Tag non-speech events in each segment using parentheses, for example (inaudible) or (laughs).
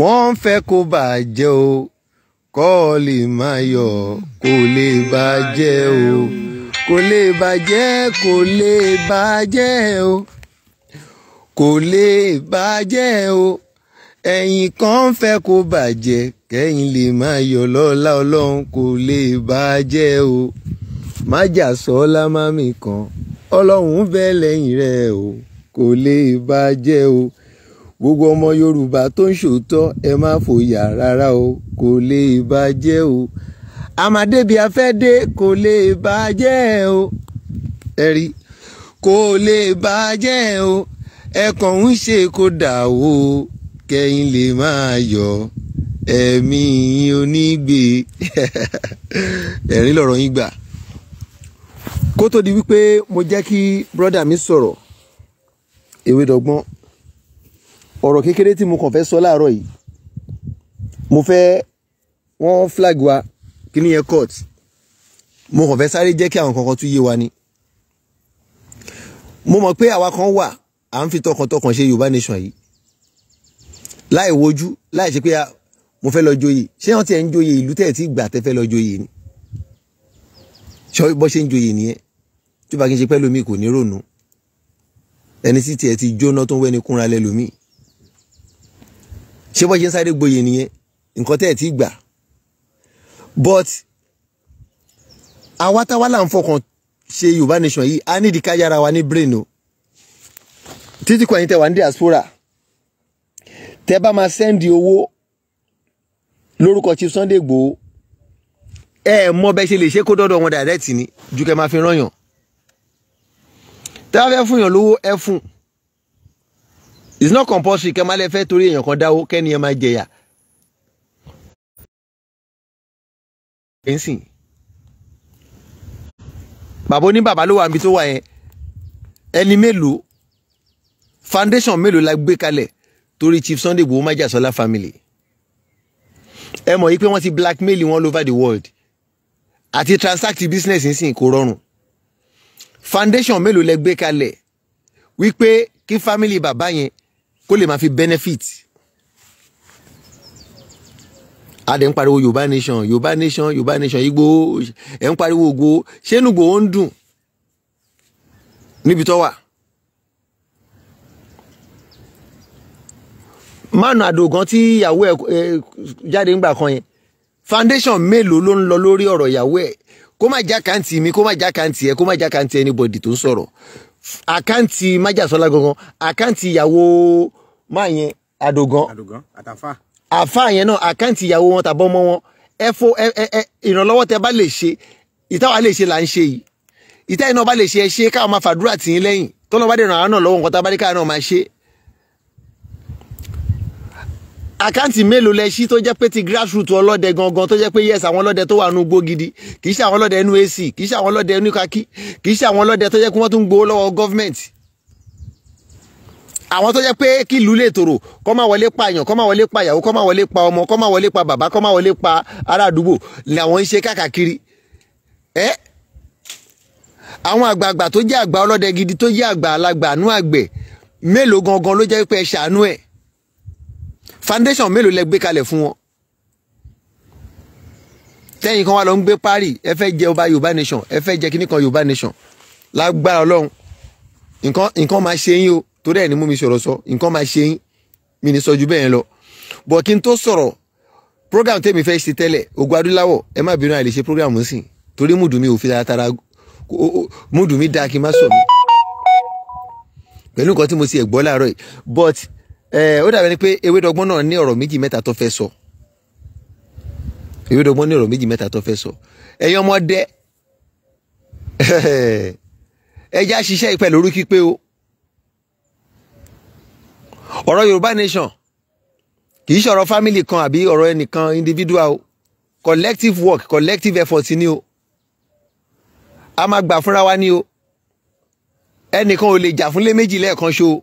wọ́n ń fẹ́ kó bàjẹ́ o kọ́ ọ lè máa yọ̀ kó lè bàjẹ́ o kó lè bàjẹ́ kó lè bàjẹ́ o kó lè bàjẹ́ o ẹ̀yin kan ń fẹ́ kó bàjẹ́ kẹ́yìn lè máa yọ̀ lọ́lá ọlọ́run kó lè bàjẹ́ o májà sọ ọlá mami kan ọlọ́run bẹ́ẹ̀ lẹ́yìn rẹ̀ o kò lè bàjẹ́ o gbogbo ọmọ yorùbá tó ń ṣòótọ́ ẹ má fòyà rárá o kò lè bàjẹ́ o àmàdébí afẹ́dé kò lè bàjẹ́ o ẹ rí kò lè bàjẹ́ o ẹ̀kọ́ ń ṣe kó dà o kẹ́yìn lè máa yọ̀ ẹ̀mí onígbè (laughs) ẹ̀rín lọ̀rọ̀ yín gbà kó tó di wípé mo jẹ́ kí brọ́dà mi sọ̀rọ̀ ewé ọ̀rọ̀ kékeré tí mo kàn fẹ́ sọ láàárọ̀ yìí mo fẹ́ wọ́n flag wa kíní yẹn court mo kàn fẹ́ sáré jẹ́ kí àwọn kankan tún yé wa ni mo mọ̀ pé àwa kan wà à ń fi tọkàntọkàn ṣe Yorùbá nation yìí láì wojú láì ṣe pé mo fẹ́ lọ joyè ṣé wọ́n ti ẹ̀ ń joyè ìlú tẹ̀ tí gbà tẹ́ fẹ́ lọ joyè ni ṣọ bó ṣe ń joyè nìyẹn tó bá kí n ṣe pẹ́ lómi kò ní rònú ẹni tí tiẹ̀ ti jóná tó ń wẹ́ni kúnra lẹ́ ṣé bọ́ ṣe ń sáré gboyè nìyẹn nǹkan tẹ́ ẹ̀ ti gbà but àwa táwa là ń fọkàn ṣe yorùbá nation yìí a nídìí ká yára wa ní brain o títí kò ẹ̀yin tẹ́ wà ní diaspora tẹ́ bá máa sẹ́ndì owó lórúkọ chief Sunday Igboho ẹ mọ bẹ ṣe lè ṣe kó dọ́dọ̀ wọn direct ni ju kẹ́ máa fi rányàn tẹ́ bá fẹ́ fún yàn lówó ẹ fún un it's not compulsory kẹ́ máa lẹ fẹ́ torí èèyàn kan dáwó kẹ́ni ẹ máa jẹyà. bàbá oní bàbá ló wà níbi tó wà yẹn ẹni mélòó foundation mélòó la gbé kalẹ̀ torí Chief Sunday Igboho Májàsọ́lá family ẹ mọ̀ yìí pé wọ́n ti blackmail wọn all over the world àti transact business nsìn kò rọrùn foundation mélòó lẹ gbé kalẹ̀ wípé kí family bàbá yẹn kó lè máa fi benefit adẹ ń pariwo yorùbá nation yorùbá nation yorùbá nation igbó ẹ ń pariwo ògo ṣé nùgbò ó ń dùn níbi tó wà. mánu àdògán tí ìyàwó ẹ jáde ńgbà kan yẹn foundation mélòó ló ń lọ lórí ọ̀rọ̀ ìyàwó ẹ kó má jákàntì mi kó má jákàntì ẹ kó má jákàntì anybody tó ń sọ̀rọ̀ àkáǹtì májàsọ́lá gangan àkáǹtì ìyàwó máa yẹn àdògán àfa yẹn náà àkáǹtì ìyàwó wọn tàbọ́ mọ́ wọn ẹ fo ẹ ẹ ìrànlọ́wọ́ tẹ bá lè ṣe ìtawà lè ṣe là ń ṣe yìí ìtayìí náà bá lè ṣe ẹ ṣe káwọn máa fàdúrà tì í lẹ́yìn tọ́lọ́ bá dẹ̀ ràn án náà lọ́wọ́ nǹkan tá a bá dé káwọn náà máa ṣe àkáǹtì mélòó lẹ ṣí tó jẹ́ pé ti grassroot ọlọ́dẹ gangan tó jẹ́ pé yes àwọn ọlọ́dẹ tó wà nù gbó gidi kì í ṣe àwọn ọlọ́dẹ inú ac kì í ṣe àwọn ọlọ́dẹ inú kakí kì í ṣe àwọn ọlọ́dẹ tó jẹ́ pé wọ́n tún gbowó lọ́wọ́ gọ́fìmẹ̀ntì àwọn tó jẹ́ pé kí ìlú lè tòrò kọ́ máa wọlé pa àyàn kọ́ máa wọlé pa ìyàwó kọ́ máa wọlé pa ọmọ kọ́ máa wọlé pa bàbá kọ́ máa wọlé pa ará àdúgbò làwọn ń ṣe káàkiri ẹ́ àwọn àgbààgbà tó jẹ́ àgbà ọlọ́dẹ gidi tó jẹ́ àgbà alágbàánú àgbẹ̀ mélòó gangan ló jẹ́ pé ẹ ṣàánú ẹ̀ foundation mélòó lẹ gbé kalẹ̀ fún wọn tẹ́yìn kan wá lọ ń gbé parí ẹ fẹ́ jẹ ọba yorùbá nation ẹ fẹ́ jẹ kíní kan yorùbá nation lágbára ọlọ́run nǹkan nǹkan máa ṣe yín o torí ẹ̀ ni mú mi sọ̀rọ̀ sọ nǹkan máa ṣe yín mi ní sọ ju bẹ́ẹ̀ yẹn lọ bọ̀ kí n tó sọ̀rọ̀ program tèmi fẹ́ ṣe tẹ́lẹ̀ ogun adúláwọ̀ ẹ má bínú àìlè program sìn torí múdùmí ò fi taratara múdùmí dáa kí n má sọ mi pẹ̀lú nǹkan tí mo ti ẹ̀ gbọ́ yìí but ó dàbẹ̀ ni pé ewédọgbọ́n náà ní ọ̀rọ̀ méjì mẹ́ta tó fẹ́ sọ ewédọgbọ́n ní ọ̀rọ̀ méjì mẹ́ta tó fẹ́ sọ ẹ̀yin ọmọdé (laughs) ẹja ṣiṣẹ́ ìpẹ́ lórí pípé o ọ̀rọ̀ Yorùbá nation kì í ṣọ̀rọ̀ family kan àbí ọ̀rọ̀ ẹnìkan individual o collective work collective effort ni o a máa gbà fúnra wa ni o ẹnìkan ò lè jà fúnlé méjì lẹ́ẹ̀kan ṣo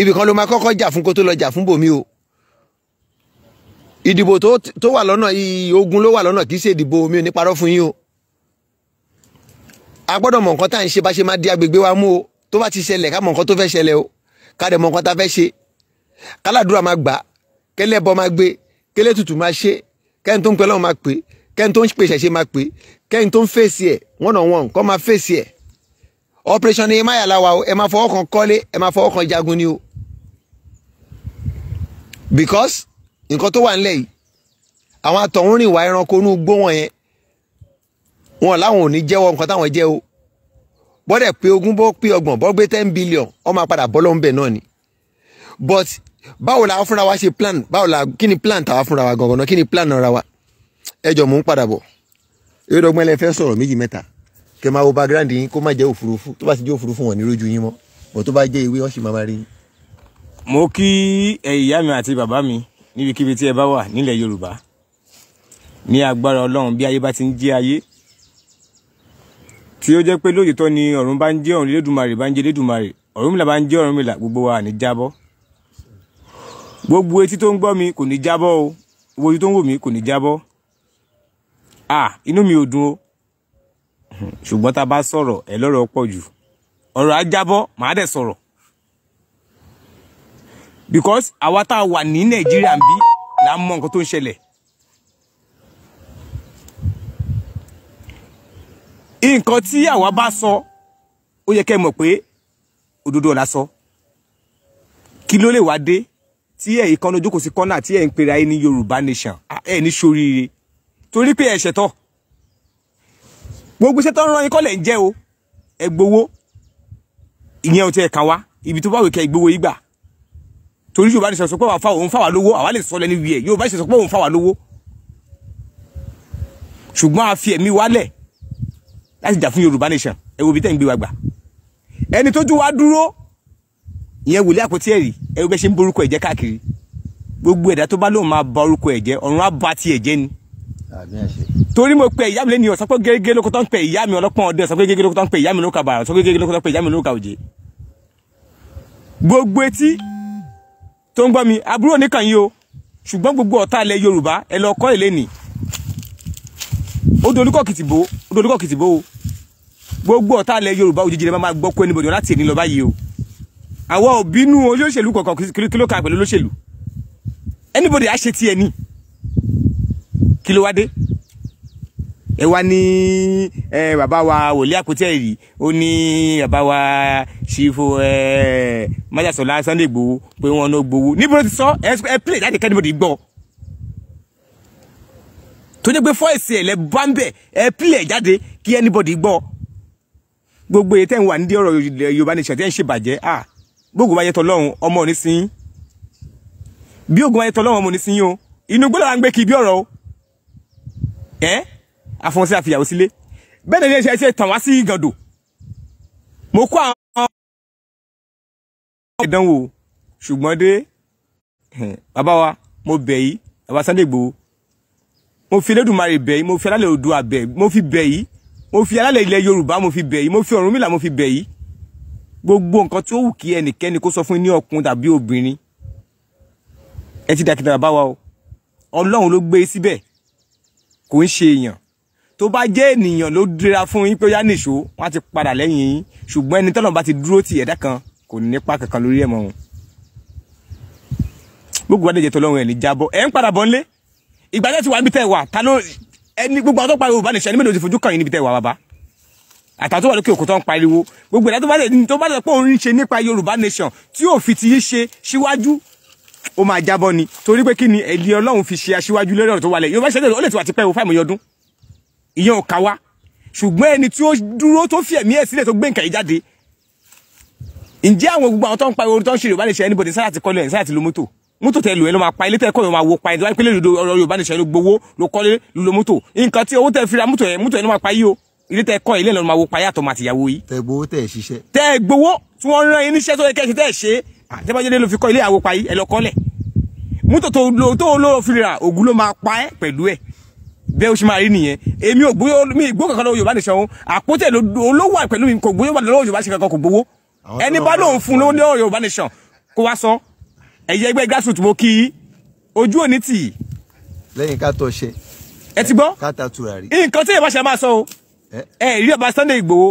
ibì kan ló máa kọ́kọ́ jà fún kó tó lọ jà fún bòmí o ìdìbò tó wà lọ́nà yìí ogun ló wà lọ́nà kì í ṣe ìdìbò mi ò ní parọ́ fún yín o a gbọ́dọ̀ mọ̀ nǹkan tá à ń ṣe bá ṣe máa di agbègbè wa mú o tó bá ti ṣẹlẹ̀ ká mọ̀ nǹkan tó fẹ́ ṣẹlẹ̀ o ká dẹ̀ mọ̀ nǹkan tá a fẹ́ ṣe káládùúrà máa gbà kẹ́lẹ́ bọ́ máa gbé kẹ́lẹ́ tutù máa ṣe kẹ́ni tó ń pẹ́ máa pè kẹ́ni tó ń pè ṣẹ̀ṣẹ̀ máa pè kẹ́ni tó ń fèsì ẹ̀ one on one kọ́ máa fèsì ẹ̀ operation Nehemiah làwa o ẹ máa fọwọ́ kan kọ́lé ẹ máa fọwọ́ kan jagun ni o because nǹkan tó wà ńlẹ̀ yìí àwọn àtọ̀hún rìn wá ẹranko inú gbó wọn yẹn wọn làwọn ò ní jẹ́wọ́ nǹkan táwọn jẹ́ o bọ́dẹ̀ pé ogún bọ́ pé ọgbọ̀n bọ́ gbé ten billion ó máa padà bọ́ lọ́nbẹ̀ náà ni but báwo la fúnra wa ṣe plan báwo la kí ni plan tàwa fúnra wa gangan náà kí ni plan ara wa ẹ jọ mò ń padà bọ̀ eré dọ́gbọ́n ẹ lè fẹ́ sọ̀rọ̀ méjì mẹ́ta kẹ máa wo background yín kó má jẹ́ òfurufú tó bá ti jẹ́ òfurufú wọn ní rójú yín mọ́ bọ̀ tó bá jẹ́ ìwé wọn máa máa rí yín mo kí eh, ìyá mi àti bàbá mi níbikíbi tí ẹ bá wà nílẹ̀ yorùbá ní agbára ọlọ́run bí ayé bá ti ń jẹ́ ayé tí ó jẹ́ pé lóòótọ́ ni ọ̀run bá ń jẹ́ ọ̀run lédùmarè bá ń jẹ́ lédùmarè ọ̀rúnmìlà bá ń jẹ́ ọ̀rúnmìlà gbogbo wa ní jábọ́ gbogbo etí tó ń gbọ́ mi kò ní jábọ́ o gbogbo etí tó ń wò mí kò ní jábọ́ à inú mi ò dùn o ṣùgbọ́n tá bá sọ̀rọ̀ ẹ lọ́rọ̀ pọ̀ jù ọ̀rọ̀ á jábọ́ màá dẹ̀ sọ̀rọ̀ because àwa tá a wà ní nàìjíríà ń bí là ń mọ nǹkan tó ń ṣẹlẹ̀ nǹkan tí àwa bá sọ ó yẹ kẹ́ ẹ mọ̀ pé òdodo la sọ kí ló lè wá dé tí ẹ̀ ìkànnì ojókòó sí kọ́nà tí ẹ̀ ń pera ẹ ní yorùbá nation ẹ̀ ní ṣoríire torí pé ẹ̀ ṣẹ̀tọ́ gbogbo iṣẹ́ tó ń rán yín kọ́ lẹ̀ ń jẹ́ o ẹ̀ gbowó ìyẹn ò tiẹ̀ kàn wá ibi tó bá wù kẹ́ ẹ gbowó yín gbà torí yorùbá nation sọ pé àwa òun fáwa lówó àwa lè sọ lẹ́ni wíẹ̀ yorùbá nation sọ pé òun fáwa lówó ṣùgbọ́n a fi ẹ̀mí wálẹ̀ láti jà fún yorùbá nation ẹ wo ibi tẹ́ ń gbé wa gbà ẹni tójú wa dúró ìyẹn wòlé àpótí ẹ̀rí ẹ wo bẹ́ ṣe ń borúkọ ẹ̀jẹ̀ káàkiri gbogbo ẹ̀dá tó bá lóun máa ba orúkọ ẹ̀jẹ̀ ọ̀run á ba ti ẹ̀jẹ̀ ni torí mo pe ìyá mi lẹ́ni ọ̀sán pé gẹ́gẹ́ lóko tó ń pe ìyá mi ọlọ́pọ̀n ọdẹ ọ̀sán pé gẹ́gẹ́ lóko tó ń pe ìyá mi lóka bàrà ọ̀sán pé gẹ́gẹ́ lóko tó ń pe ìyá mi lóka òjé gbogbo etí tó ń gbọ́ mi àbúrò nìkan yìí o ṣùgbọ́n gbogbo ọ̀tá ilẹ̀ yorùbá ẹ lọ kọ́ ilé nì ó dolúkọ̀ kìtìbó ó dolúkọ̀ kìtìbó o gbogbo ọ̀tá ilẹ̀ yorùbá òjijì rẹ̀ máa gbọ́ kó ẹni bọ̀dọ̀ láti èní lọ báyìí o àwọn òbínú olóṣèlú kọ̀ọ̀kan kí ló ka pẹ̀lú olóṣèlú anybody á ṣe tiẹ̀ ni kí ló wá dé ẹ wá ní ẹ bàbá wa wòlíì àpótẹ́ẹ̀rì ó ní bàbá wa ṣìfò ẹ májàsọ̀lá Sunday Igboho pé wọn ló gbowó níbo ló ti sọ ẹ pílẹ̀ jáde kẹ́nìbọ̀dì gbọ́ tó jẹ́ pé fọ́ọ̀sì ẹ̀ lẹ bá ń bẹ̀ ẹ pílẹ̀ jáde kí ẹnìbọ̀dì gbọ́ gbogbo èyí tẹ́ ń wà ní ọ̀rọ̀ Yorùbá nation tẹ́ ń ṣèbàjẹ́ ah gbogbo wáyé tọlọ́run ọmọ òní sí bí ogun wáyé tọlọ́run ọmọ òní sí o inú gbọ́dọ̀ à ń gbé kí bí ọ̀rọ̀ o ẹ́ afọnsẹ àfìyàwó sílé bẹ́ẹ̀ ni iléeṣẹ́ ṣe tàn wá si gàdò mo kó àwọn ìdánwò ṣùgbọ́n dé bàbá wa mo bẹ̀ yìí bàbá Sunday Igboho mo fi mari bẹ̀ yìí mo fi alálẹ̀ odò àbẹ̀ mo fi bẹ̀ yìí mo fi alálẹ̀ ilẹ̀ Yorùbá mo fi bẹ̀ yìí mo fi Ọ̀rúnmìlà mo fi bẹ̀ yìí gbogbo nǹkan tí ó wù kí ẹnikẹ́ni kó sọ fún ní ọkùnrin tàbí obìnrin ẹ ti dàkìtà baba wa o Ọlọ́run ló gbé e síbẹ̀ kò ń ṣe èèyàn tó bá jẹ́ ènìyàn ló dira fún yín pé ó yá nìṣó wọn á ti padà lẹ́yìn yín ṣùgbọ́n ẹni tọ́lọ́run bá ti dúró ti ẹ̀dá kan kò ní nípa kankan lórí ẹ̀ mọ́ wọn. gbogbo wa dẹ̀jẹ̀ tọ́lọ́run ẹ̀ ní jábọ́ ẹ̀ ń padà bọ́ ńlé ìgbà tẹ́ ti wà níbi tẹ́ wà ta ló ẹni gbogbo àwọn tó pariwo bá nìṣẹ́ ẹni mélòó ti fojú kàn yín níbi tẹ́ wà bàbá àtàwọn lókè òkú tó ń pariwo gbogbo ìdá bá lè tó bá lè pé ń ṣe nípa Yorùbá nation tí yóò fi ti yí ṣe síwájú ó máa jábọ́ ni torí pé kí ni ẹ̀lì Ọlọ́run fi ṣe aṣíwájú lórí ọ̀rọ̀ tó wà lẹ̀ Yorùbá ṣẹ́tẹ̀ ó lè ti wà tipẹ́ o fáìmù yọdún ìyẹn ò ká wá ṣùgbọ́n ẹni tí ó dúró tó fi ẹ̀mí ẹ̀ sílẹ̀ tó gbé nǹkan yìí jáde ǹjẹ́ àwọn gbogbo àwọn tó ń pa ìwòrán tó ń ṣe Yorùbá Nation anybody sáyà ti kọ́lé ẹ̀ sáyà ti lo mọ́tò mọ́tò tẹ lò ẹ́ ló máa pa ilé tẹ́ kọ́ ló máa wo pa ẹ̀ tó lòdò ọ̀rọ̀ Yorùbá Nation ló gbowó ló kọ́lé lo mọ́tò nǹkan tí owó tẹ fi ra mọ́tò ẹ̀ mọ́tò ẹ̀ ló máa pa yí o ilé tẹ kọ́ ilé ló máa wo pa yàtọ̀ màtì ìyàwó yìí. tẹ gbowó tẹ ṣiṣẹ́. tẹ gbowó tí wọ́n rán yín níṣẹ́ tó yẹ kẹ́kẹ́ tẹ́ ṣe àtẹ́bájẹ́lé ló fi kọ́ ilé àwòpa yìí lọ kọ́lẹ̀ mọ́tò tó lò fi ra ògùn ló máa pa ẹ́ pẹ̀lú ẹ̀ bẹ́ẹ̀ o ṣe máa rí nìyẹn èmi ò gbóyò mi ìgbó kankan lọ́wọ́ Yorùbá nìṣẹ́ òun àpótẹ́ olówó àpẹ̀lú mi kò gbóyò lọ́wọ́ Yorùbá nìṣẹ́ kankan kò gbowó ẹni bá lóun fún lọ́wọ́ lọ́wọ́ Yorùbá nìṣẹ́ kó wá sọ ẹ̀yẹ ẹgbẹ́ grassroots mo kí ojú òní tì í. lẹ́yìn ká tó ṣe. ẹ ti gbọ́ ká ta tura nǹkan tí ìbáṣẹ máa sọ o ẹ rí ọba Sunday Igboho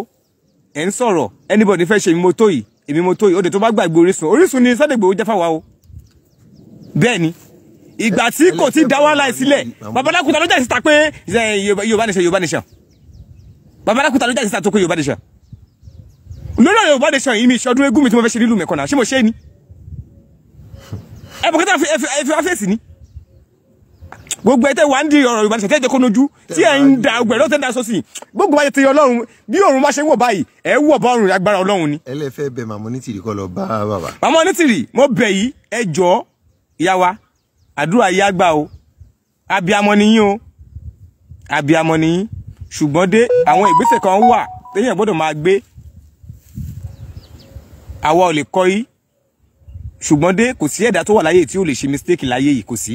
ẹ ń sọ̀rọ̀ anybody fẹ́ ṣe èmi mo tó yìí èmi mo tó yìí ó dẹ̀ tó bá gbàgbé Orísun Orísun ni Sunday Igboho jẹ́ fáwa o bẹ́ẹ̀ ni ìgbà tí kò ti dá wàhálà sílẹ̀ Babalakuta ló jáde síta pé Yorùbá nation Yorùbá nation Babalakuta ló jáde síta tó pé Yorùbá nation lórí ọ̀rọ̀ Yorùbá nation yìí mi ìṣọdún egún mi tí mo fẹ́ ṣe nílùú mẹ́kànnà ṣé mo ṣe ni ẹ bọ̀ kí ẹ fi wá fèsì ni gbogbo ẹtẹ wà ń di ọ̀rọ̀ Yorùbá nation tẹ́jẹ́ kó nojú tí ẹ ń da ọgbẹ̀ lọ́tẹ̀ ń da sọ́sì gbogbo ayé ti Ọlọ́run bí òòrùn bá ṣe wọ̀ báyìí ẹ wọ̀ bá ọrùn agbára Ọlọ́run ni. ẹlẹ́fẹ́ bẹ màmá onítìrì kọ́ lọ bá bàbá. màmá onítìrì mo bẹ̀ yìí ẹ jọ̀ọ́ ìyá wa àdúrà yìí á gbà o abiamọ nìyí o abiamọ nìyí ṣùgbọ́n dé àwọn ìgbésẹ̀ kan wà téèyàn gbọ́dọ̀ máa gbé àwa ò lè kọ́ yìí ṣùgbọ́n dé kò sí ẹ̀dá tó wà láyé tí ó lè ṣe mistake láyé yìí kò sí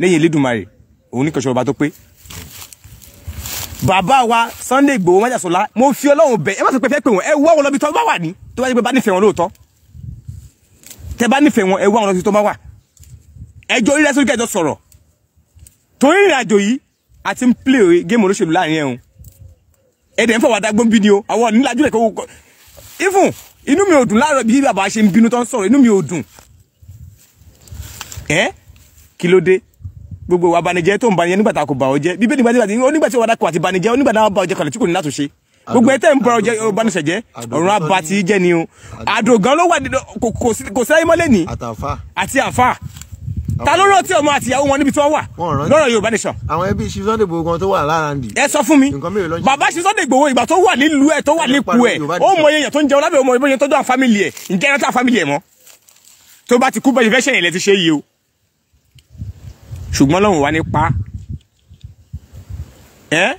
lẹ́yìn Elédùmarè òun nìkan ṣọba tó pé bàbá wa Sunday Igboho májàsọlá mo fi Ọlọ́run bẹ̀ ẹ má sọ pé fẹ́ pè wọ́n ẹ wá wọn lọ́bi tó bá wà ní tó bá jẹ́ pé bá nífẹ̀ẹ́ wọn lóòótọ́ tẹ bá nífẹ̀ẹ́ wọn ẹ wá wọn lọ́bi tó bá wà ẹjọ́ orí lẹ́sọ̀rí kẹjọ sọ̀rọ̀ torí ìrìn àjò yìí àti ń play géèmù olóṣèlú láàrin ẹ̀hún ẹ̀dẹ̀ ń fọwọ́dá gbọ́n bí ni o àwọn onílàjú rẹ̀ kò ifun inú mi ò dùn láàárọ̀ bí bàbá ṣe ń bínú tó ń sọ̀rọ̀ inú mi ò dùn ẹ́ kí ló dé gbogbo wa banijẹ́ tó ń banijẹ́ nígbà tá a kò bà ọ jẹ́ bíbélì nígbà tí onígbà tí wàdà kò àti banijẹ́ onígbà náà bà ọ jẹ́ kalẹ̀ tí kò ní láti ṣe gbogbo ẹ tẹ́ ń bọrọ jẹ ọbanisẹ jẹ ọrùn abati jẹ ni o àdògán ló wà kò sẹ́yìn mọ́lẹ̀ ní àti àfà ta ló rántí ọmọ àtìyàwó wọn níbi tí wọ́n wà lọ́rọ̀ Yorùbá nation. àwọn ẹbí ṣe Sunday Igboho kan tó wà láràndì. ẹ sọ fún mi bàbá ṣe Sunday Igboho ìgbà tó wà nílùú ẹ tó wà nípò ẹ ó mọ èèyàn tó ń jẹun lábẹ́ ọmọ ìbọn tó dán fámìlì ẹ ǹjẹ́ ẹran tá fámìlì ẹ mọ́ tó bá ti kú bẹ́ẹ̀ fẹ́ṣẹ̀ yẹn lẹ ti ṣe yìí o ṣùgbọ́n lọ́hùn wa ní pa ẹ́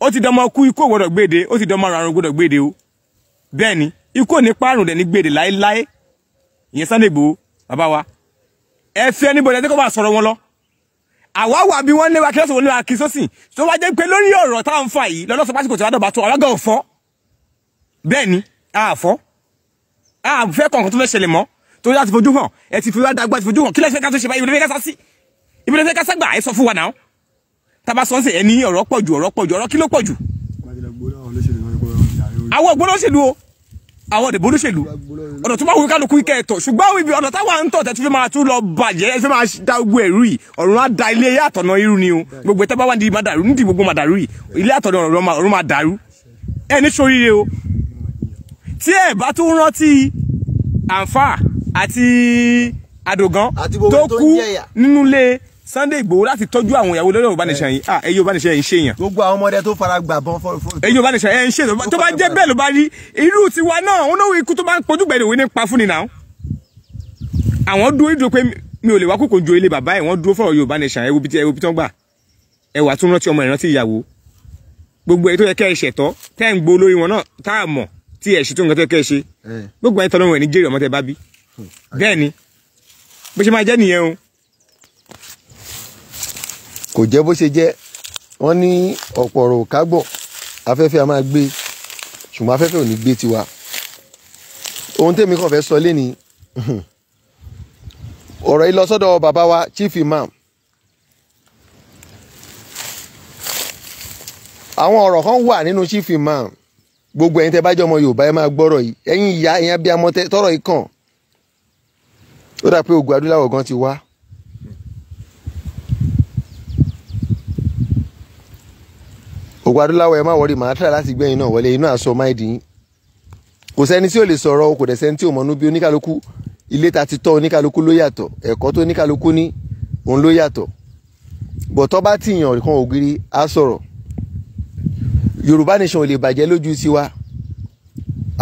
ó ti dánmọ́ kú ikú ògbọ́dọ̀ gbéde ó ti dánmọ́ àrùn ògbọ́dọ̀ gbéde o bẹ́ẹ̀ ni ikú ò ní pa àrùn dẹ̀ ní gbéde láéláé ìyẹn Sunday Igboho bàbá wa ẹ fi ẹni bọ̀dẹ̀ tí kò bá sọ̀rọ̀ wọn lọ àwa wà bí wọ́n léwa kí lọ́sọ̀wọ́ léwa kí sósì tó wá jẹ́ pé lórí ọ̀rọ̀ táwọn fà yìí lọ́lọ́sọ pásítọ̀ tí wàá dọ̀bà tó àwágà òfọ́ bẹ́ẹ̀ ni àfọ́ àfẹ́ kọ̀ọ̀kan tó fẹ́ ṣẹlẹ̀ mọ́ tó yá ti fojú hàn ẹ ti fi wá dàgbà ti fojú hàn kí lẹ́sẹ̀ ká tó ṣe báyìí ìbílẹ̀ ká sásì ìbílẹ̀ fẹ́ ká ságbà ẹ sọ fún wa náà tábà sọ ń sè ẹni ọ̀rọ̀ pọ̀jù ọ̀rọ̀ pọ̀jù ọ̀rọ̀ kí ló pọ̀jù. àwọn ògbóná òṣèlú o àwọn òdìbò olóṣèlú ọ̀nà tó bá wù kálukú ikẹ́ ẹ̀tọ́ ṣùgbọ́n ibi ọ̀nà táwa ń tọ̀ tẹ́tí fi máa tún lọ bàjẹ́ ẹ fi máa da gbogbo ẹ̀rú yìí ọ̀run á da ilé àtọ̀nà irú ni o gbogbo ẹ̀tẹ́ bá wà nídìí má dàrú nídìí gbogbo má dàrú yìí ilé àtọ̀nà ọ̀run má dàrú ẹ ní sóríire o tí ẹ bá tún rántí àǹfà àti àdògán tó kú nínú ilé Sunday Igboho láti tọ́jú àwọn ìyàwó lọ́dọ̀ Yorùbá nìṣẹ́ yìí eh. ah ẹ̀yin Yorùbá nìṣẹ́ yìí ń ṣe èèyàn. gbogbo àwọn ọmọdé tó fara gbà bọ́n fọ́. ẹ̀yin Yorùbá nìṣẹ́ yẹn ń ṣe tó bá jẹ́ bẹ́ẹ̀ ló bá rí irú tiwa náà òun náà ikú tó bá ń pojú gbẹ̀dẹ̀ òwe ní pa fún ni náà. àwọn dúró dúró pé mi ò lè wá kókò ju ilé bàbá ẹ̀ wọ́n dúró fọ̀rọ̀ Yorùbá nìṣẹ́ ẹ̀ wo bí tán gbà ẹ̀ wà tún rántí ọmọ ìrántí ìyàwó gbogbo ẹ̀ tó yẹ kẹ́ ẹ̀ ṣẹ̀tọ́ tẹ́ ẹ̀ ń gbó lórí wọn náà tá a mọ̀ tí ẹ̀ ṣètò nǹkan tó yẹ kẹ́ ẹ̀ ṣe eh. gbogbo ẹ̀ tọ́lọ́run ẹ̀ ní jẹ́rìí ọmọ tẹ́ bá bí hmm. bẹ́ẹ̀ ni bó ṣe máa jẹ́ nìyẹn o kò jẹ́ bó ṣe jẹ́ wọ́n ní ọ̀pọ̀ ọ̀rọ̀ kágbọ̀ afẹ́fẹ́ a máa gbé ṣùgbọ́n afẹ́fẹ́ ò ní gbé tiwa ohun tèmi kàn fẹ́ sọ lẹ́ni (laughs) ọ̀rọ̀ yìí bàbá wa chief imam àwọn ọ̀rọ̀ kan wà nínú chief imam gbogbo ẹ̀yin tẹ́ bá jẹ́ ọmọ Yorùbá ẹ máa gbọ́rọ̀ yìí ẹ̀yin ìyá ẹ̀yin abiyamọ tọrọ yìí kàn ó dà pé ògùn adúláwọ̀ gan ti wá. òkú adúláwọ̀ ẹ má wọrí màá tẹ̀lé láti gbẹ̀yìn náà wọlé inú àṣọ máìdì yín kò sẹ́ni tí ò lè sọ̀rọ̀ kò dẹ̀ sẹ́ni tí ò mọ̀nú bí oníkálukú ilé ta ti tọ́ oníkálukú ló yàtọ̀ ẹ̀kọ́ tó oníkálukú ní òun ló yàtọ̀ bọ̀tọ́ bá ti yàn kan ògiri á sọ̀rọ̀ Yorùbá nation ò lè bàjẹ́ lójú tiwa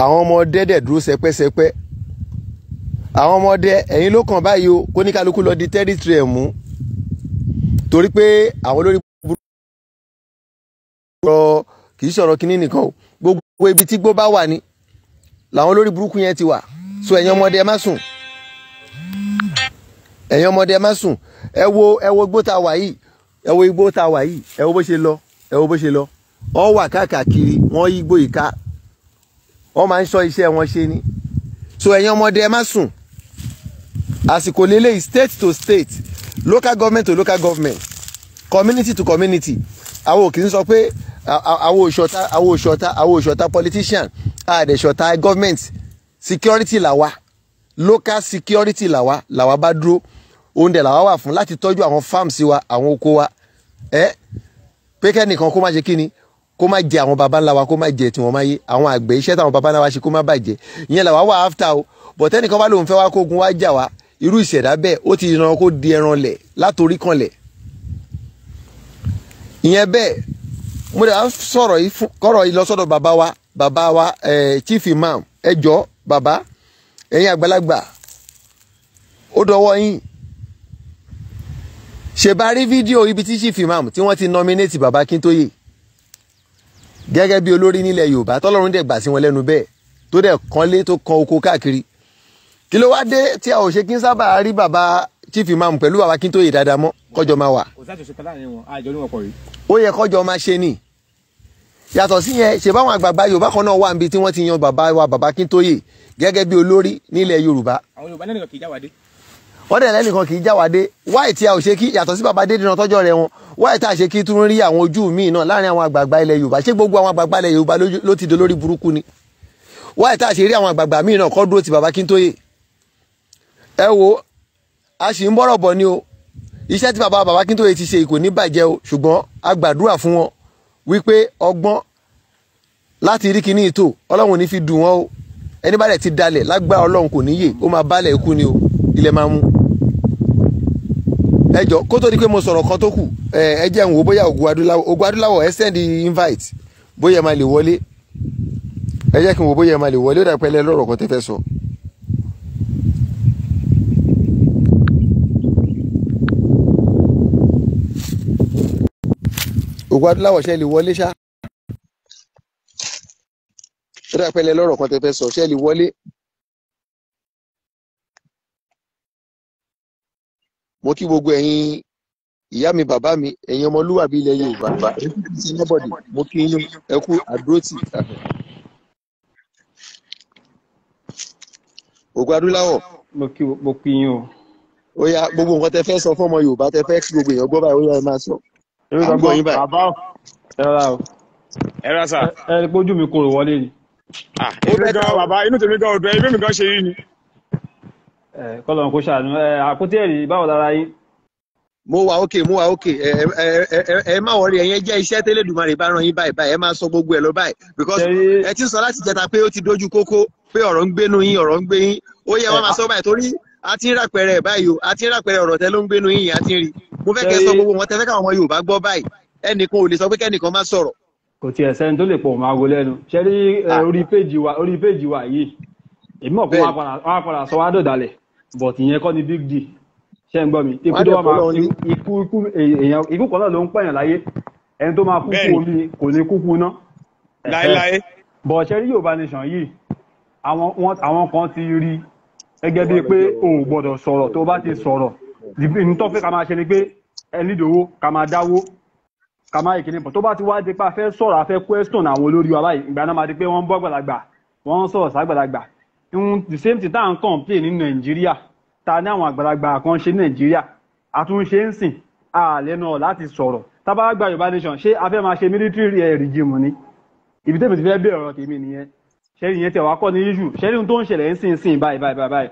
àwọn ọmọ dẹ́dẹ̀ dúró sẹpẹ́sẹpẹ́ àwọn ọmọdé ẹ̀yin ló kàn báyìí o kóníkálukú lọ di tẹ́rìtìrì ẹ̀ mú torí pé àwọn olórí ọ̀rọ̀ kì í sọ̀rọ̀ kínní nìkan o gbogbo ibi tí gbó bá wà ni làwọn olórí burúkú yẹn ti wà so ẹ̀yin ọmọdé ẹ má sùn ẹ̀yin ọmọdé ẹ má sùn ẹ wo ẹ wo igbó ta wà yìí ẹ wo igbó ta wà yìí ẹ wo bó ṣe lọ ẹ wo bó ṣe lọ ọ wà káàkiri wọn yí igbó yìí ká wọn máa ń sọ iṣẹ́ wọn ṣe ni so ẹ̀yin ọmọdé ẹ má sùn àsìkò lélẹ́yìí state to state local government to local government community to community àwọn ò kì sọ pé àwọn òṣọ̀tá àwọn òṣọ̀tá àwọn òṣọ̀tá politician àdèṣọ̀tá government security làwa local security làwa làwa bá dúró òun dẹ̀ làwa wà fún láti tọ́jú àwọn farms wa àwọn oko wa ẹ pé kẹ́nìkan kó má ṣe kí ni kó má jẹ àwọn baba ńlá wa kó má jẹ tiwọn má yé àwọn àgbẹ̀ iṣẹ́ táwọn baba ńlá wa ṣe kó má bàjẹ́ ìyẹn làwa wà after o but ẹnìkan bá lóun fẹ́ wá kógun wá jà wá irú ìṣẹ̀dá bẹ́ẹ̀ ó ti ran kó di ẹran lẹ̀ látòrí kan lẹ̀ ìyẹn bẹ́ẹ̀ mo dẹ̀ sọ̀rọ̀ yìí kọ́rọ̀ yìí lọ sọ́dọ̀ bàbá wa bàbá wa chief imam ẹ jọ̀ọ́ bàbá ẹ̀yin àgbàlagbà ó dọwọ́ yín ṣe bá rí fídíò ibi tí chief imam tí wọ́n ti nominate bàbá Kíntóyè gẹ́gẹ́ bí olórí nílẹ̀ Yorùbá tọ́lọ́run dẹ̀ gbà sí wọn lẹ́nu bẹ́ẹ̀ tó dẹ̀ kánlé tó kan oko káàkiri kí ló wá dé tí a ò ṣe kí n sábà rí bàbá chief imam pẹ̀lú bàbá kí n tó yè dáadáa mọ́ kọjọ máa wà. ó yẹ kọjọ máa ṣe ni yàtọ̀ sí yẹn ṣe báwọn àgbààgbà yorùbá kan náà wà níbi tí wọ́n ti yan bàbá wa bàbá kí n tó yè gẹ́gẹ́ bí olórí nílẹ̀ yorùbá. àwọn yorùbá lẹ́nìkan kì í jáwádé. wọ́n dẹ̀ lẹ́nìkan kì í jáwádé wáì tí a ò ṣe kí yàtọ̀ sí bàbá dédìnà tọ́jọ́ rẹ̀ wọn wáì tá a ṣe kí ẹ wo a sì ń bọ̀rọ̀ bọ̀ ni o iṣẹ́ tí bàbá bàbá Akíntóyè ti ṣe kò ní bàjẹ́ o ṣùgbọ́n a gbàdúrà fún wọn wípé ọgbọ́n láti rí kíní ìtò ọlọ́run ò ní fi dùn wọ́n o ẹni bá dẹ̀ ti dalẹ̀ lágbára ọlọ́run kò níyè ó máa bálẹ̀ ikú ni o ilẹ̀ máa mú ẹ jọ kó tó di pé mo sọ̀rọ̀ kan tó kù ẹ jẹ́ n wò bóyá Ògo Adúláwọ̀ Ògo Adúláwọ̀ ẹ send invite bóyá ẹ máa lè wọlé ẹ jẹ́ kí n wò bóyá ẹ máa lè wọlé ó dà pé lọ́rọ̀ kan tẹ́ fẹ́ sọ. So. òkú adúláwọ̀ ṣe lè wọlé ṣá. ó dà pẹ́lẹ́ lọ́rọ̀ kan tẹ́ fẹ́ sọ ṣe wọlé. mo kí gbogbo ẹ̀yin ìyá mi bàbá mi ẹ̀yin ọmọlúwàbí ilẹ̀ Yorùbá ṣe nẹ́bọ̀dì mo kí yín ẹ àdúrótì. òkú adúláwọ̀. mo kí yín o. ó yá gbogbo nǹkan tẹ́ fẹ́ sọ fún ọmọ Yorùbá tẹ́ fẹ́ gbogbo èèyàn gbọ́ báyìí ó yá ẹ máa sọ èmi kan gbọ́ bàbá ẹ̀rọ o ẹ̀rọ sà ẹni pójú mi kúrò wọlé ni. ó bẹ gan bàbá inú tèmi gan ọdún ẹbí mi gan ṣe yìí ni. kọlọ̀ kò ṣàánú àkútí ẹ̀rí báwo lára yín. mo wà òkè mo wà òkè ẹ má wọrí ẹ̀yẹn jẹ́ iṣẹ́ tẹ́lẹ̀dùmarè bá ran yín báyìí báyìí ẹ máa sọ gbogbo ẹ̀ lọ báyìí because ẹ ti sọ láti jẹta pé ó ti dojú kókó pé ọ̀rọ̀ ń gbénu yín ọ̀rọ̀ ń gbé yín ó yẹ wọ́n máa sọ báyìí torí a ti ń ràpẹrẹ báyìí o a ti ń ràpẹrẹ ọ̀rọ̀ tẹ ló ń gbénu yín yẹn a ti ń rí i mo fẹ́ kẹ́ sọ gbogbo wọn tẹ́fẹ́ káwọn ọmọ Yorùbá gbọ́ báyìí ẹnìkan ò lè sọ pé kẹ́nìkan má sọ̀rọ̀. kò tiẹ̀ sẹ́ni tó lè pọ̀ máa wo lẹ́nu ṣe rí ah. orí péjì wa orí péjì wa yìí èmi mọ̀ pé padà sọ wá dọ̀dàlẹ̀ but ìyẹn kọ́ ni big deal ṣe ń gbọ́ mi ikú tó wà máa ikú ikú e, èèyàn ikú kan náà ló ń pẹ̀yàn láyé ẹni tó máa kúkú omi kò ní kúkú ná. láéláé. but ṣe rí Yorùbá nation yìí àwọn kan ti rí gẹ́gẹ́ bíi pé o ò gbọ́dọ̀ sọ̀rọ̀ tó bá ti sọ̀rọ̀ nítorí ká máa ṣe ni pé ẹni ìdòwò ká máa dáwó ká máa ìkíní bọ̀ tó bá ti wá di pa fẹ́ sọ̀rọ̀ afẹ́ question àwọn olórí wa báyìí ìgbà náà máa di pé wọ́n ń bọ́ àgbàlagbà wọ́n ń sọ̀rọ̀ sàgbàlagbà ìhun the same thing tá à ń complain ní nàìjíríà ta ní àwọn àgbàlagbà kan ṣe ní nàìjíríà àtúnṣe ń sìn àlẹ́nu ọ̀ láti sọ̀rọ̀ tábà gba yorùbá nation ṣé a fẹ́ máa ṣe military regime ni ibi tẹ́mi ti fẹ́ bẹ̀rẹ̀ ọ̀rọ̀ tèmi nìyẹn ṣẹ́ni yẹn tẹ̀ wá kọ́ ní yíṣù ṣẹ́ni tó ń ṣẹlẹ̀ ń sìn sìn báyìí báyìí báyìí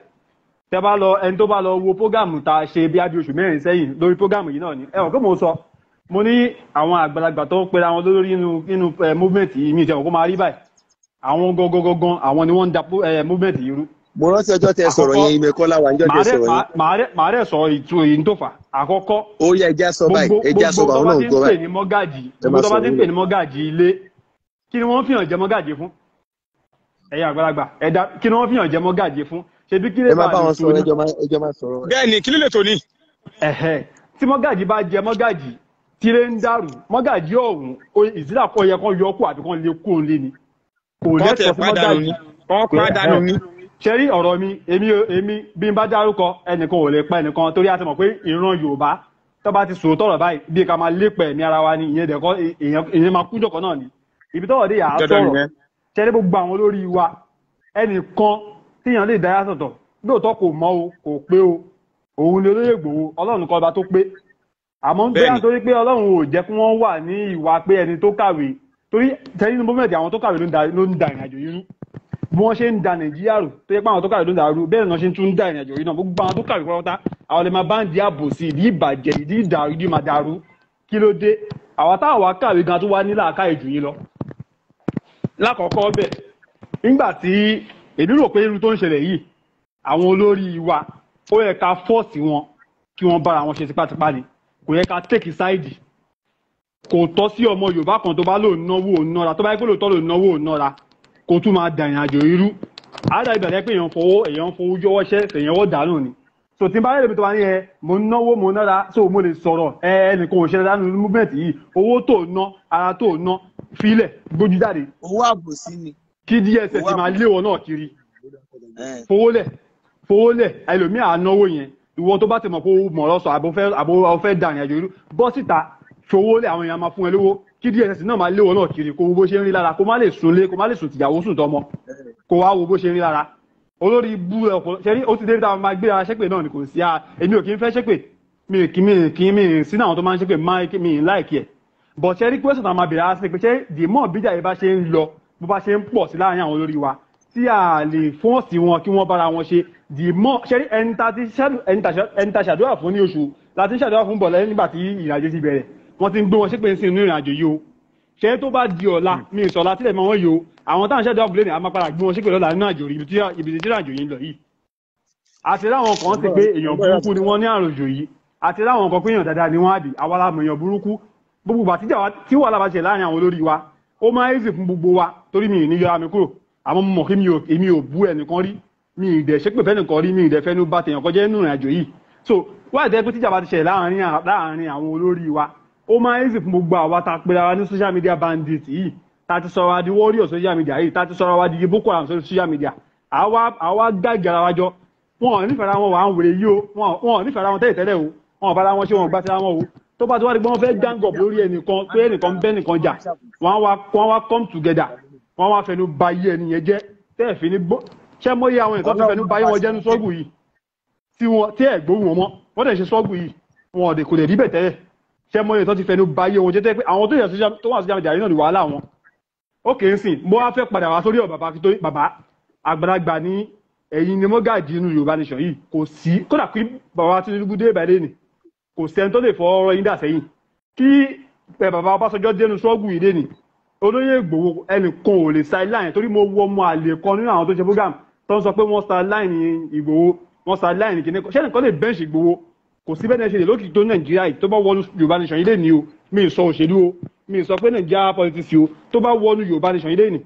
tẹ bá lọ ẹni tó bá lọ wo prógámù tá a ṣe bí abí oṣù mẹ́rin sẹ́yìn lórí prógámù yìí náà ni ẹ̀wọ̀n kó mò ń sọ mo ní àwọn àgbàlagbà tó ń pera wọn lórí nínú nínú movement yìí mi ìjẹun kó máa rí báyìí àwọn gangan àwọn ni wọ́n ń da movement yìí rú. mo rántí ọjọ́ tẹ sọ̀rọ̀ yẹn ìmẹ̀ kọ́lá wà níjọ́ tẹ sọ̀rọ̀ yẹn. màá rẹ̀ sọ ìtú èyí tó fà àkọ́kọ́. ó yẹ ẹja sọ báyìí ẹja sọ báyìí ọlọ́run gbọ́ báyìí. gbogbo tó bá ti ń pè ní mọ́gàjì ṣebí kí lè bá wọn sọ̀rọ̀ ẹjọ́ máa sọ̀rọ̀. bẹ́ẹ̀ni kí ló lè tó ní. tí mọ́gàjì bá jẹ mọ́gàjì tí lè ń dàrú mọ́gàjì ọ̀hún ìsílà kọ́ yẹ kán yọ kó àbí kán lè kó lé ni. kò lẹ́sọ̀ fún mọ́gàjì kọ́ pàdánù ni. ṣé rí ọ̀rọ̀ mi èmi èmi bí n bá dárúkọ ẹnìkan ò lè pa ẹnìkan torí a ti mọ̀ pé ìran Yorùbá tó bá ti sòótọ́ ọ̀rọ̀ báyìí bí ká máa lépẹ̀ ẹ̀mí ara wa ni ìyẹn dẹ̀kọ́ èèyàn máa kújọ̀kọ̀ náà ni ibi tọ́wọ́ dé yàrá sọ̀rọ̀ ṣẹ́rí gbogbo àwọn olórí wa ẹnìkan tíyàn lè dá yàtọ̀tọ̀ lóòótọ́ kò mọ́ o kò pé o òun ni olóyè Ìgbòho ọlọ́run kọ́ ọba tó pé àmọ́ ń bẹ́ẹ̀ nítorí pé ọlọ́run ò jẹ́ kí wọ́n wà ní ìwà pé ẹni tó kàwé torí tẹ́lí ní mọ́mẹ́tì àwọn tó kàwé ló ń da ìrìnàjò yìí rú bí wọ́n ṣe ń da nàìjíríà rú tó yẹ pé àwọn tó kàwé ló ń da rú bẹ́ẹ̀ náà ṣe ń tún da ìrìnàjò yìí náà gbogbo àwọn tó kàwé pátá àwọn lè máa bá ń di àbòsí ìdí ìbàjẹ́ ìdí ìdàrú máa dàrú kí ló dé àwa táwa kàwé gan tó wá ní làákàyè jù yín lọ lákọ̀ọ́kọ́ bẹ́ẹ̀ nígbà tí èmi rò pé irú tó ń ṣẹlẹ̀ yìí àwọn olórí wa ó yẹ ká fọ́ọ̀sì wọn kí wọ́n bára wọn ṣe tipátipá ni kò yẹ ká tèkì sáìdì kò tọ́ sí ọmọ Yorùbá kan tó bá lò náwó nára tó bá yẹ pé lóòótọ́ lò náwó nára kó tún máa dàrin àjò irú àádá ìbẹ̀rẹ̀ pé èèyàn fowó èèyàn fowó jọwọ́ ṣẹ́ èèyàn wọ́ dànù ni so tí n bá yẹ̀ lóbi tó wá ní ẹ mo ń náwó mo nára so mo lè sọ̀rọ̀ ẹ ẹnìkan ò ṣe dànù ní movement yìí owó tó ná ara tó ná fílẹ̀ gbójú jáde. owó àbòsí ni kí DSS máa lé wọn náà kiri fowólẹ̀ fowólẹ̀ ẹlòmíì ànáwó yẹn ìwọ tó bá ti mọ̀ pé ó mọ̀ lọ́sọ̀ àbò ọ̀fẹ́ dàrin àjò irú bọ́ síta fowólẹ̀ àwọn èèyàn máa fún ẹ lówó kí DSS náà máa lé wọn náà kiri kó wo bó ṣe ń rí lára kó má lè sunlé kó má lè sùn tìyàwó sùn tọmọ kó wá wo bó ṣe ń rí lára olórí bú ọpọlọ ṣe rí ó ti dé tá a máa gbéra ṣépè náà ni kò sí a èmi ò kí ń fẹ́ ṣépè mi kì mi kì mi sínú àwọn tó máa ń ṣépè máa mi láìkí ẹ̀ bọ̀ ṣe rí pé ó sọ̀tàn máa bèrè á sí pé ṣé dìímọ̀ bíjà yìí bá ṣe ń lọ bó bá ṣe ń pọ̀ sí láàrin àwọn olórí wa tí a lè fọ́ọ̀sì wọn kí wọ́n bára wọn ṣe dì mọ́ ṣe rí ẹni ta ṣàdúrà fún ní oṣù láti ṣàdúrà fún bọ̀lẹ́ nígbà tí ìrìnàjò ti bẹ̀rẹ̀ wọ́n ti ń gbé wọn ṣépè sí inú ìrìnàjò yìí o ṣe tó bá di ọ̀la mi ì sọ̀la tílẹ̀ mọ́ wọn yìí o àwọn táwọn ṣàdúrà fún lẹ́nu àmàpàrà gbé wọn ṣépè lọ́la nínú àjò ibi tí ìrìnàjò yìí lọ yìí àti láwọn ni wọ́n ní àròjò yìí àti láwọn ni wọ́n àbí àwa la mọ̀ èèyàn burúkú gbogbo àtijà tí wàhálà bá ṣe ó máa ń sì gbogbo wa torí mi ní yọra mi kúrò àmọ́ mo mọ̀ kí mi ò bú ẹnìkan rí mi ì dẹ̀ ṣépè fẹ́nìkan rí mi ì dẹ̀ fẹ́nu bá tèèyàn kọjá nínú ìrìnàjò yìí so wá ìtẹ́ pé tíjà bá ti ṣẹ̀ láàárín àwọn olórí wa ó máa ń sì gbogbo àwa ta pera wa ní social media bandit yìí ta ti sọ̀rọ̀ wa di warrior social media yìí ta ti sọ̀rọ̀ wa di boko haram social media àwa àwa gbàgbé ara wa jọ wọn ò nífẹ̀ẹ́ ara wọn wà ń wèrè yìí o wọn ò nífẹ̀ẹ́ ara wọn tẹ́lẹ̀ tẹ́lẹ̀ o wọn ò bá ara wọn ṣe wọn ò gbá tẹ́lẹ̀ wọn o tó bá ti wá rí pé wọ́n fẹ́ gang up lórí ẹnìkan pé ẹnìkan bẹ́ nìkan jà wọ́n wá wọ́n wá come together wọ́n wá fẹnu ba iye ẹnìyẹn jẹ́ tẹ́ ẹ̀ fi ní bó ṣé mo yẹ àwọn nǹkan tó fẹnu ba iye wọn jẹ́nu sọ́ọ̀bù yìí tí wọ́n tí ẹ̀ gbóhùn wọn mọ́ wọ́n dẹ̀ ṣe sọ́ọ̀bù yìí wọn kò lè rí bẹ̀ tẹ́lẹ̀ ṣé mo yẹ tó ti fẹnu ba iye wọn jẹ́ tẹ́ pé àwọn tó yẹ tó wà sí jàmìjà wọn ó kò sẹ́ni tó lè fọ ọ̀rọ̀ yín dà sẹ́yìn kí ẹ eh, bàbá Ọbásanjọ́ dénú ṣọ́ọ̀gù yìí lénìí olóyè Ìgbòho ẹnìkan ò lè sa line torí mo wọ ọmọ àlè kan nínú àwọn tó ṣe program tó ń sọ pé wọ́n sa line Ìgbòho wọ́n sa line kìíní ṣé nìkan lè bẹ́ǹṣì Ìgbòho kò sí bẹ́ẹ̀ ní ṣe lè lókìkí tó Nàìjíríà yìí tó bá wọnú Yorùbá nation yìí lénìí o mi ì sọ òṣèlú o mi ì sọ pé Nàìjíríà politics o tó bá wọnú Yorùbá nation yìí lénìí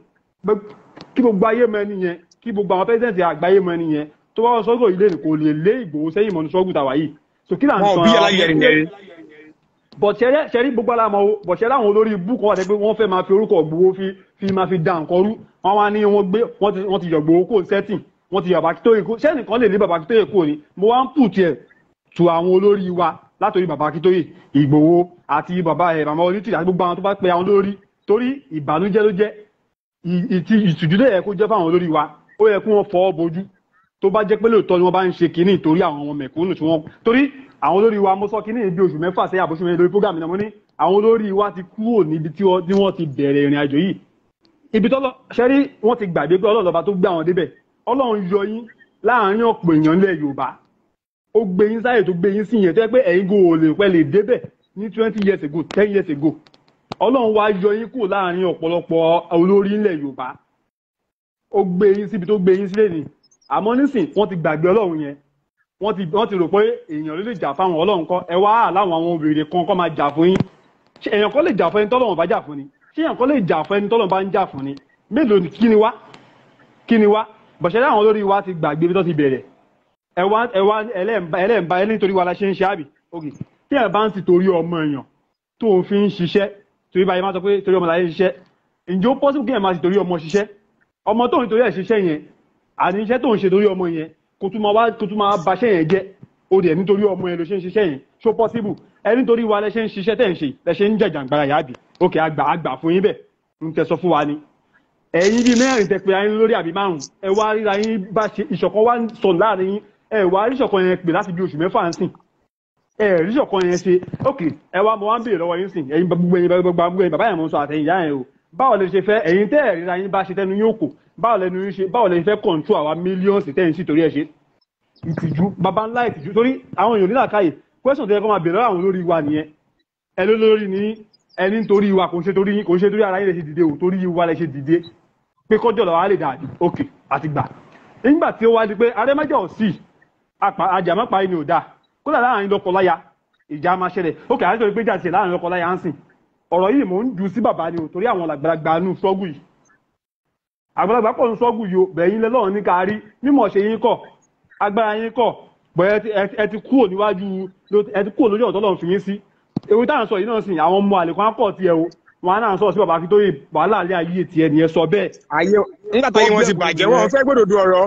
kí gbogbo ayé mọ ẹni yẹn kí gbogbo àwọn pẹ́sidẹ̀ntì àgbáyé mọ ẹni yẹn tó bá wọ sọ́gùn yìí lénìí kò lè lé Ìgbòho sẹ́yìn mọ́nu tàwa yìí so ń sọ àwọn bọ̀tẹ́rẹ́ ṣẹ́rí gbogbo àlàmọ́ o bọ̀tẹ́rẹ́ àwọn olórí ibú wà tẹ́ pé wọ́n máa fi orúkọ gbowó fi fi máa fi da nǹkan rú wá ní wọ́n gbé wọ́n ti yọ̀gbọ̀ owó kò sẹ́tìn wọ́n ti yọ̀bà kítóyè kó sẹ́ni kan lè ní bàbá kítóyè kò ní mo wá ń pù tiẹ̀ tu àwọn olórí wa látòrí bàbá kítóyè ìgbòho àti bàbá ẹ̀ màmá onítìrì àti gbogbo àwọn tó bá pe àwọn olórí torí ìbànújẹ́ ló jẹ́ ìtìjú lè tó bá jẹ́ pé lóòótọ́ ni wọ́n bá ń ṣe kinní torí àwọn ọmọ mẹ̀kúnnù tí wọ́n torí àwọn olórí wa mo sọ kinní bí oṣù mẹ́fà sẹ́yìn àbóṣù mẹ́rin lórí program náà mo ní àwọn olórí wa ti kúrò níbi tí wọ́n ti bẹ̀rẹ̀ ìrìn àjò yìí ibi tọ́lọ́ ṣẹ́rí wọ́n ti gbàgbé pé ọlọ́run lọ́ba tó gbé àwọn débẹ̀ ọlọ́run yọ yín láàárín ọ̀pọ̀ èèyàn ilẹ̀ yorùbá ó gbé yín sáyè tó gbé yín sí yẹn tó yẹ pé ẹ̀yin go ò lè pẹ́ lè débẹ̀ ní twenty years ago ten years ago ọlọ́run wá yọ yín kúrò láàárín ọ̀pọ̀lọpọ̀ olórí ilẹ̀ yorùbá ó gbé yín síbi tó gbé yín sílẹ̀ nìyí àmọ́ nísìn wọ́n ti gbàgbé ọlọ́run yẹn wọ́n ti wọ́n ti rò pé èèyàn ló lè jà fáwọn ọlọ́run kọ́ ẹ wá láwọn àwọn obìnrin kan kọ́ máa jà fún yín èèyàn kọ́ lè jà fún ẹni tọ́lọ́run bá jà fún ni ṣé èèyàn kọ́ lè jà fún ẹni tọ́lọ́run bá ń jà fún ni mélòó ni kí ni wá kí ni wá bọ̀ṣẹ́ láwọn olórí wa ti gbàgbé bí tó ti bẹ̀rẹ̀ ẹ wá ẹ wá ẹlẹ́ǹba ẹni torí wa la ṣe ń ṣe àbí ok tí ẹ bá ń ti torí ọmọ èèyàn tó ń fi ń ṣiṣẹ́ torí báyìí máa sọ pé torí ọmọ láyé ń ṣiṣẹ́ ǹjẹ́ ó pọ́sibú kí ẹ máa ti torí ọmọ ṣiṣẹ́ ọmọ tó ń torí ẹ̀ ṣiṣẹ́ yẹn àní iṣẹ́ tó ń ṣe torí ọmọ yẹn kó tún máa wá kó tún máa ba iṣẹ́ yẹn jẹ́ ó dẹ̀ nítorí ọmọ yẹn ló ṣe ń ṣiṣẹ́ yẹn ṣó possible ẹ nítorí wa lẹ ṣe ń ṣiṣẹ́ tẹ̀ ń ṣe lẹ ṣe ń jẹ̀jàǹgbara yàbí òkè àgbà àgbà fún yín bẹ̀ ń tẹ sọ fún wa ni ẹ̀yin bíi mẹ́rin tẹ pé ayín lórí àbí márùn ẹ wá ríra yín bá ṣe ìṣọ̀kan wá sọ láàrin yín ẹ wá rí ìṣọ̀kan yẹn pè láti bí oṣù mẹ́fà ń sìn ẹ rí ìṣọ̀kan yẹn ṣe ókè ẹ wá mo wá béèrè lọ́wọ́ yín sìn ẹ̀yin gbogbo ẹ̀yin bàbá yẹn mo sọ àtẹ̀yìn ìyá yẹn o báwo lè ṣe fẹ́ ẹ̀yin tẹ́ ẹ̀ ríra yín bá ṣe tẹnu yín òkò báwo lẹnu yín ṣe báwo lẹnu fẹ́ kọ̀ǹtù àwa millions tẹ́yìn sí torí ẹ̀ ṣe ìtìjú baba ńlá ìtìjú torí àwọn èèyàn nílà káyè question tó yẹ kó máa bèrè àwọn olórí wa nìyẹn ẹ ló lórí ní ẹni torí wa kò ń ṣe torí yín kò ń ṣe torí ara yín lè ṣe dìde o torí wa lè ṣe dìde pé kọjọ lọ wa lè dàbí ok àti gbà nígbà tí ó wá di pé arẹ́mẹ́jọ ò sí àjàmọ́pa yìí ni ò dáa kó dà láàrin lọ́kọ láya ìjà máa ṣẹlẹ̀ ok àti sọ pé jà ti ṣe láàrin lọ́kọ láya ń sìn ọ̀rọ̀ yìí mò ń ju sí bàbá ni ò torí àwọn àgbàlagbà nù sọ́gù yìí àgbàlagbà pọ̀ ń sọ́gùn yìí o bẹ̀yìn lọ́rùn ní kárí mímọ̀ ṣe yín kọ̀ agbára yín kọ̀ bọ̀ ẹ ti kúrò níwájú ẹ ti kúrò lójú ọ̀tọ́ lọ́run fi yín sí ewu táwọn sọ yìí náà sìn àwọn ọmọ àlèkùn akọ̀ tiẹ̀ o wọn náà sọ sí bàbá Akíntóyè wàhálà alẹ́ ayé tiẹ̀ nìyẹn sọ bẹ́ẹ̀. ayé nígbà tó yẹ wọn ti bàjẹ́ wọn fẹ́ gbódòdó ọ̀rọ̀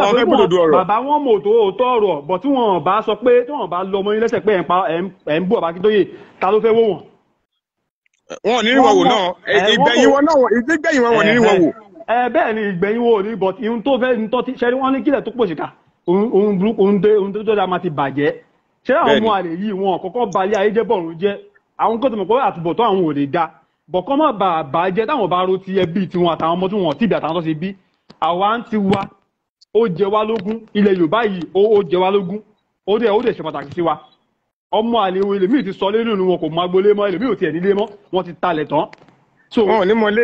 wọn fẹ́ gbódòdó ọ̀rọ̀. bàbá wọn mọ̀ tó òótọ́ ọ̀rọ̀ bọ̀ tí wọn bá sọ pé tí wọn bá lọ ọmọ yín lẹ́sẹ̀ pé ẹ̀ ń bú bàbá Akíntóyè ta ló fẹ́ wò wọ́n. wọn ò ní rí wọn wò náà ìgbẹ̀yìn wọn náà ò ní rí bẹ́ẹ̀ ni ìgbẹ̀yìn wo rí but ihun tó fẹ́ ntọ́ ti ṣẹ́rí wọ́n ní kílẹ̀ tó pòṣìkà ohun burúkú ohun tó ohun tó dáa máa ti bàjẹ́ ṣé àwọn ọmọ àlè yìí wọn kọ́kọ́ balẹ̀ ayé jẹ́ àwọn kò tó mọ̀ pé àtúbọ̀tán àwọn ò lè da bọ̀ kọ́ mọ̀ bà bà jẹ́ táwọn bá ro ti ẹbí tiwọn àtàwọn ọmọ tí wọn tìbí àtàwọn tó ṣe bí àwa ń ti wa ó jẹ wá lógún ilẹ̀ Yorùbá yìí ó jẹ wá lógún ó dẹ̀ ó dẹ̀ ṣe pàtàkì sí wa ọmọ àlè wo ẹlòmíì ti sọ lé nínú wọn kò mọ agbolé mọ́ ẹlòmíì ò tiẹ̀ nílé mọ́ wọ́n ti talẹ̀ tán so wọn ò ní mọlé.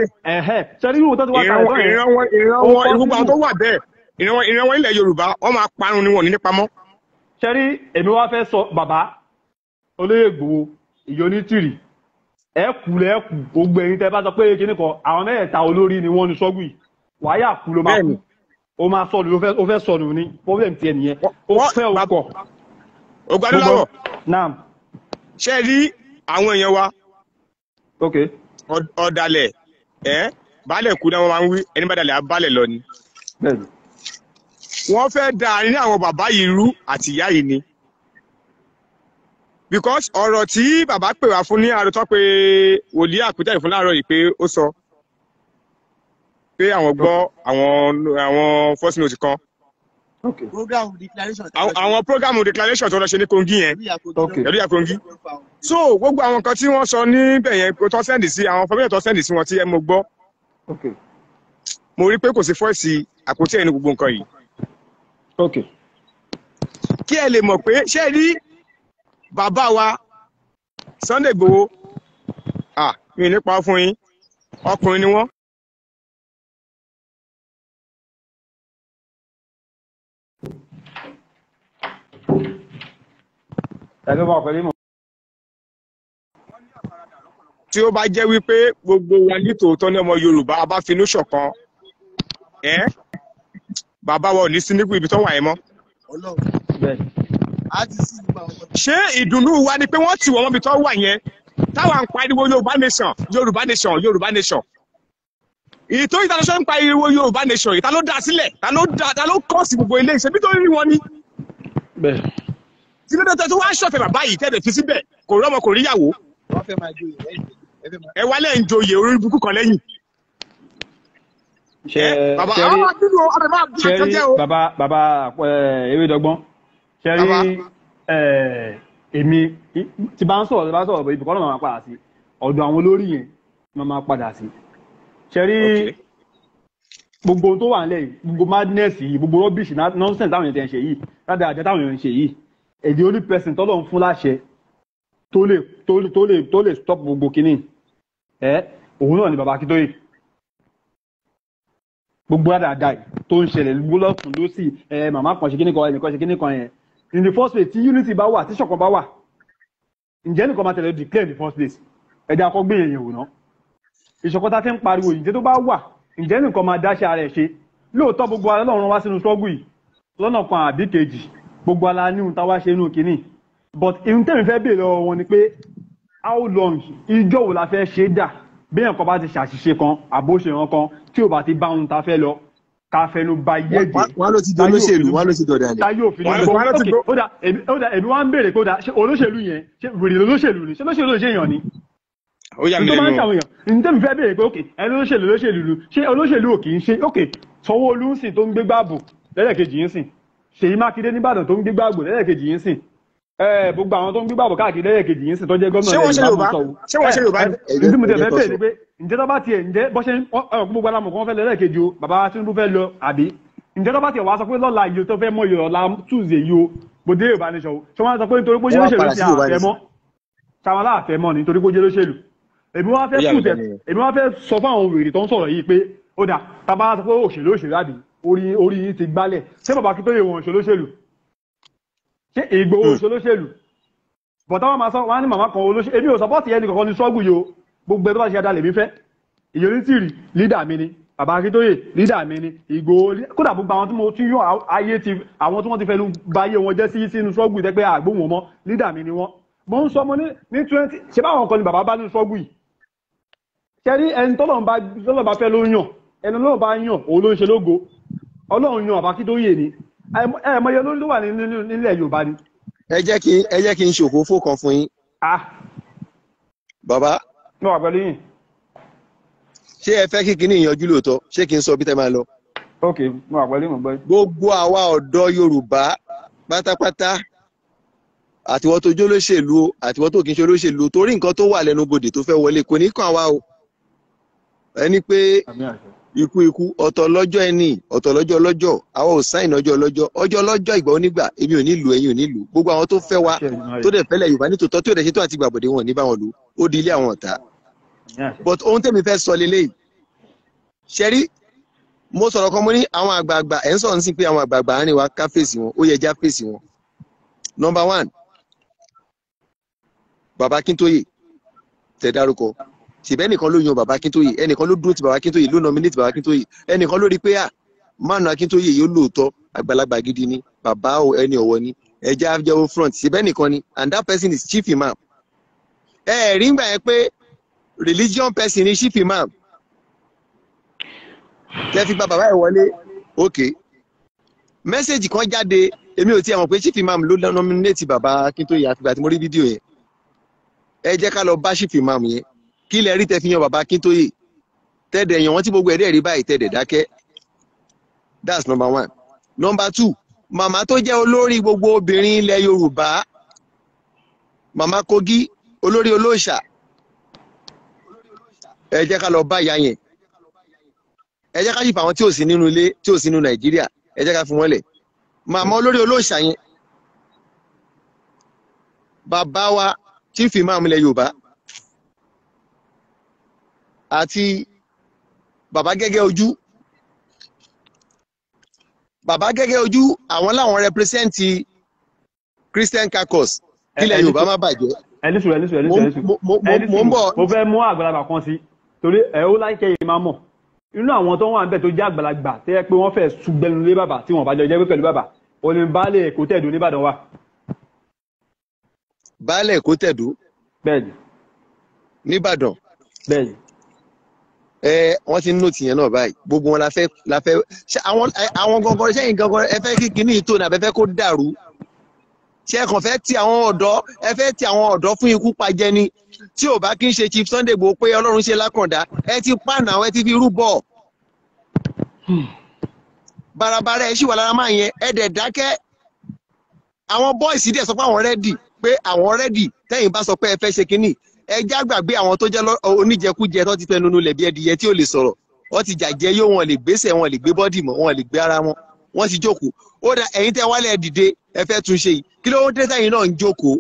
sẹ́ni yóò tó ti wá ta ẹ̀dọ́ yẹn. ìran wọn ìran wọn ìwúpa tó wà bẹ́ẹ̀ ìran wọn ìran wọn ilẹ̀ yorùbá wọ́n máa parun ni wọn ò ní pamọ́. sẹ́ni èmi wá fẹ́ sọ bàbá olóyè gbòó ìyọnitìrì ẹ̀kú lẹ́ẹ̀kú gbogbo ẹ̀yin tẹ́ bá sọ pé kíní kan àwọn mẹ́ẹ̀ta olórí ni wọ́n ní sọ́gbù yìí wáyà kú ló máa kú ó máa sọnù ó fẹ́ sọnù ní problem tiẹ̀ nìyẹn ó fẹ́ òkọ̀. ògbádùn láwọ̀ ṣe rí àwọn èèyàn wa. okay ọ̀dàlẹ̀ ẹ́ baálẹ̀ kú náà wọ́n máa ń wí ẹni bá dalẹ̀ abálẹ̀ lọ ni. wọ́n fẹ́ da àárín àwọn bàbá yìí rú àti ìyá yìí ni because ọ̀rọ̀ tí bàbá pè wá fún ní àròtọ́ pé wòlíì àpótẹ́ ìfún láàárọ̀ yìí pé ó sọ pé àwọn gbọ́ àwọn àwọn first note kan okay. program declaration. àwọn program declaration tó lọ ṣe ní kongi yẹn ẹlú ya kongi. so gbogbo àwọn kan tí wọ́n sọ níbẹ̀ yẹn tó sẹ́ndì sí àwọn fọ́mílẹ̀ tó sẹ́ndì sí wọn tí ẹ mo gbọ́. mo rí pé kò sí fọ́ọ̀sì àpótí ẹ̀yìn gbogbo nǹkan yìí. kí ẹ lè mọ̀ pé ṣé ẹ rí bàbá wa Sunday Igboho ah mi ò ní pa fún yín ọkùnrin ni wọ́n. ẹni bá pẹ̀lú ìmọ̀. tí ó bá jẹ́ wípé gbogbo wa nítòótọ́ ní ọmọ Yorùbá a bá finú ṣọ̀kan ẹ́ bàbá wa ò ní sí nípò ibi tó wà yẹn mọ́. ṣé ìdùnnú wa ni pé wọ́n ti wọ́n mọ́bi tó wà yẹn táwa ń pariwo Yorùbá nation Yorùbá nation Yorùbá nation ètò ìtàlọ́sọ́ ń pariwo Yorùbá nation ìta ló dá sílẹ̀ ta ló kọ́ sí gbogbo ilé ìṣẹ́bí tó rí wọn ni kí ló dé tó wá ṣọ̀fẹ̀ bàbá yìí tẹ́lẹ̀ fi síbẹ̀ kò rọ́mọ kò ríyàwó. ẹ wá lẹ́yìn joyè orí ibùkún kan lẹ́yìn. bàbá àwọn àbínú ọ̀rẹ́ máa bí ọjọ́ jẹ́ o. bàbá bàbá ewé dọgbọ́n ṣẹ́rí èmi tí bá ń sọ̀rọ̀ tí bá ń sọ̀rọ̀ ibùkún náà máa padà sí ọ̀dọ̀ àwọn olórí yẹn máa padà sí ṣẹ́rí gbogbo tó wà nílẹ̀ yìí gbogbo madness yìí gbogbo rubbish nonsense táwọn èèyàn ti ń ṣe yìí the only person tọ́lọ̀ ń fún láṣẹ tó lè tó lè tó lè tó lè stop gbogbo kínní ẹ òun náà ni bàbá Akíntóyè gbogbo àdàdà tó ń ṣẹlẹ̀ gbólọ́kùn ló sì ẹ màmá kan ṣe kínní kan ẹnìkan ṣe kínní kan yẹn in the first place tí unity bá wà tí ṣọ̀kan bá wà ǹjẹ́ nìkan máa tẹ̀lé declare in the first place ẹ̀dá akọ gbé yẹn wò ná ìṣọ̀kan tá a ti ń pariwo ìjẹ́ tó bá wà ǹjẹ́ nìkan máa dáṣẹ́ ara ẹ̀ ṣe lóòótọ́ gbogbo alẹ́ lọ́run wá sínú struggle yìí lọ́nà kan àbí kejì gbogbo ala ní ohun táwa ṣe inú kínní but ohun tẹ̀mí fẹ́ bèèrè lọ́wọ́ wọn ni pé how long ìjọ wo la fẹ́ ṣe dà béèyàn kan bá ti ṣàṣìṣe kan àbóṣe wọn kan tí ò bá ti bá ohun ta fẹ́ lọ ká fẹnu ba yé de. wọn ló ti di olóṣèlú wọn ló ti dọ̀dà ni. táyé òfin ló gbọ́ ok ó dà èmi wá ń béèrè pé ó dà olóṣèlú yẹn ṣe wèrè olóṣèlú ni ṣe olóṣèlú ló ṣe èèyàn ni. ó yà mí lẹ́nu o nítorí máa ń ṣàwọn èèyàn nítorí fẹ́ béèrè pé ok ẹni olóṣèlú olóṣèlú ṣe olóṣèlú ò kì í ṣe ok Sanwó-Olú ń sìn tó ń gbégbá ààbò lẹ́lẹ́kejì ń sìn Ṣèyí Mákindé nìbàdàn tó ń gbígbà àgbò lẹ́yẹ̀kejì yìí sìn ẹ gbogbo àwọn tó ń gbígbà àbò káàkiri lẹ́yẹ̀kejì yìí sìn tó jẹ́ gómìnà Yorùbá tó sọ ṣé wọ́n ṣe Yorùbá ẹ̀ ẹ̀ mo tẹ̀ fẹ́ bẹ̀rẹ̀ ni pé ǹjẹ́ tó bá tiẹ̀ ǹjẹ́ bọ́ ṣe ọ̀rọ̀ gbogbo alamọ̀ kan fẹ́ lẹ́yẹ̀kejì o bàbá Tinubu fẹ́ lọ àbí ǹjẹ́ tó bá tiẹ̀ wàá sọ pé lọ́la yìí tó fẹ́ mọ yọ̀rọ̀ la túùzẹ̀ yìí o bòdé Yorùbá ni sọ̀rọ̀ ṣé wọ́n sọ pé nítorí pójú lóṣèlú ti àfẹ́mọ́ ṣàwọn aláàfẹ́mọ́ ni nítorí pójú lóṣèlú èmi wá fẹ́ sọ fún àwọn wèrè tó ń sọ̀rọ̀ yìí pé ó dà tá a bá sọ pé òṣèlú òṣèlú àbí orí orí yìí ti gbálẹ̀ ṣé bàbá kí tó yẹ wọn ṣolóṣèlú ṣé Ìgbòho hmm. ṣolóṣèlú bọ̀tá wọn máa sọ wọn á ní màmá kan olóṣèlú èmi ò sọpọ́ọ̀tì ẹnì kankan ní ṣọ́ọ̀gù yìí o gbogbo ẹgbẹ́ bá ṣe adalẹ̀ mi fẹ́ Ìyẹnitìrì lídà mi ni bàbá Akíntóyè lídà mi ni Ìgbòho kódà gbogbo àwọn tí mo tún yọ ayé ti àwọn tí wọ́n ti fẹnu ba ayé wọn jẹ́ sí sínú ṣọ́ọ̀gù tẹ́ pé àgbóhùn ọmọ lídà mi ni wọ́n mo ń sọ ọmọ ní twenty ṣe báwọn kan ni bàbá bá ní ṣọ́ọ̀gù yìí ṣe rí ẹni tọ́lọ̀ bá fẹ́ ló yàn ọlọ́run yan ọba kí tó yè ni ẹ mọye lórí ló wà nílẹ̀ yorùbá ni. ẹ jẹ́ kí ẹ jẹ́ kí n ṣòkó fò kan fún yín. bàbá. mo wà pẹ̀lú yín. ṣé ẹ fẹ́ kí kinní ìyanjú lóòótọ́ ṣé kí n sọ bí tẹ́ máa lọ. ok mo wà pẹ̀lú yín mo gbọ́. gbogbo àwa ọ̀dọ́ yorùbá pátápátá àtiwọ́ tó jó lóṣèlú àtiwọ́ tó kì ṣe olóṣèlú torí nǹkan tó wà lẹ́nu bodè tó fẹ́ wọlé kò ní kàn wá o ẹni pé ikú ikú ọ̀tọ̀ lọ́jọ́ ẹni ọ̀tọ̀ lọ́jọ́ lọ́jọ́ àwọn ò sáìn ọjọ́ lọ́jọ́ ọjọ́ lọ́jọ́ ìgbà onígbà èmi ò ní lù ẹ̀yin ò ní lù gbogbo àwọn tó fẹ́ wa tó dẹ̀ fẹ́lẹ̀ yorùbá ní tòótọ́ tí ò dẹ̀ ṣe tó àti gbàbọ̀dé wọn ní wọn lù ó di ilé àwọn ọ̀tá but ohun tèmi fẹ́ sọ lélẹ́yìí ṣẹ́rí mo sọ̀rọ̀ kan mo ní àwọn àgbààgbà ẹ̀ ń sọ̀rọ̀ sí pé àwọn àgbààgbà àárín wa ká fèsì wọn ó yẹ já fèsì wọn number one bàbá Kíntóyè tẹ̀ dárúkọ ṣèbẹ́ ẹnìkan ló yan bàbá Akíntóyè ẹnìkan ló dúró ti bàbá Akíntóyè ló nominate bàbá Akíntóyè ẹnìkan ló rí pé à ah, mánu Akíntóyè yóò lóòótọ́ àgbàlagbà gidi ni bàbá ẹni ọ̀wọ̀ ni ẹja jẹ́wọ́ front ṣèbẹ́ ẹnìkan ni and that person is chief imam ẹ ẹ̀ rí gbà yẹn pé religion person ni chief imam tẹ́ fi gba bàbá ẹ̀ wọlé ok mẹ́sẹ̀gì kan jáde èmi ò tiẹ̀ mọ̀ pé chief imam ló nominate bàbá Akíntóyè àfìgbà tí mo rí fídíò yẹn ẹ jẹ́ ká lọ bá chief imam yẹn kí lẹ rí tẹ fi yan bàbá Akíntóyè tẹ́ẹ̀dẹ̀ yan wọ́n tí gbogbo ẹ̀dẹ́ rí báyìí tẹ́ẹ̀dẹ̀ dákẹ́ that's number one. number two màmá tó jẹ́ olórí gbogbo obìnrin ilẹ̀ Yorùbá màmá Kogi olórí olóòṣà ẹ jẹ́ ká lọ bá ìyá yẹn ẹ jẹ́ ká yípa àwọn tí ò sí nínú ilé tí ò sí nínú Nàìjíríà ẹ jẹ́ ká fún wọn lẹ̀ màmá olórí olóòṣà yẹn bàbá wa tí ń ilẹ̀ Yorùbá àti bàbá gẹ́gẹ́ ojú bàbá gẹ́gẹ́ ojú àwọn làwọn rẹpírẹsẹ́ǹtì Christian caucus kílẹ̀ Yorùbá má bàjẹ́. ẹlísù ẹlísù ẹlísù ẹlísù mo ń bọ̀. mo fẹ́ mú àgbàlagbà kan sí torí ẹ ó láìkẹ́ yìí máa mọ̀ inú àwọn tó wà ń bẹ̀ tó jẹ́ àgbàlagbà tẹ́ pé wọ́n fẹ́ sùgbẹ́nu lé bàbà tí wọ́n bá jọ jẹ́ pé pẹ̀lú bàbà òní baálé èkó tẹ̀dó nìbàdàn wa. baálé èkó tẹ̀dó. bẹ́ẹ̀ni. nìbàdàn. bẹ́ẹ̀ni ẹ wọn ti ń nò tìyẹn náà báyìí gbogbo wọn la fẹ́ la fẹ́ àwọn àwọn gangan sẹ́yìn gangan ẹ fẹ́ kí kinní ìtò náà ẹ fẹ́ kó dàrú ṣé ẹ kàn fẹ́ ti àwọn ọ̀dọ́ ẹ fẹ́ ti àwọn ọ̀dọ́ fún ikú pajẹ ni tí ò bá kí n ṣe Chief Sunday Igboho pé Ọlọ́run ṣe lákàndá ẹ ti pàànà àwọn ẹ ti fi rúbọ barabara ẹ ṣì wà lára máa yẹn ẹ dẹ̀ dákẹ́ àwọn bọ́ìsì dẹ̀ sọ pé àwọn rẹ́dì pé àwọn rẹ́dì tẹ́yìn bá sọ pé ẹ fẹ́ ṣe kinní ẹjá gbàgbé àwọn tó jẹ́ oníjẹkújẹ tó ti tẹnu nulẹ̀ bí ẹdìyẹ tí ò lè sọ̀rọ̀ wọ́n ti jàjẹ́ yóò wọn lè gbésẹ̀ wọn lè gbé bọ́dì mọ́ wọn lè gbé ara wọn wọ́n ti jókòó ó dà ẹ̀yin tẹ́ wálẹ̀ dìde ẹ tún ṣe yìí kí ló dé sẹ́yìn náà ń jókòó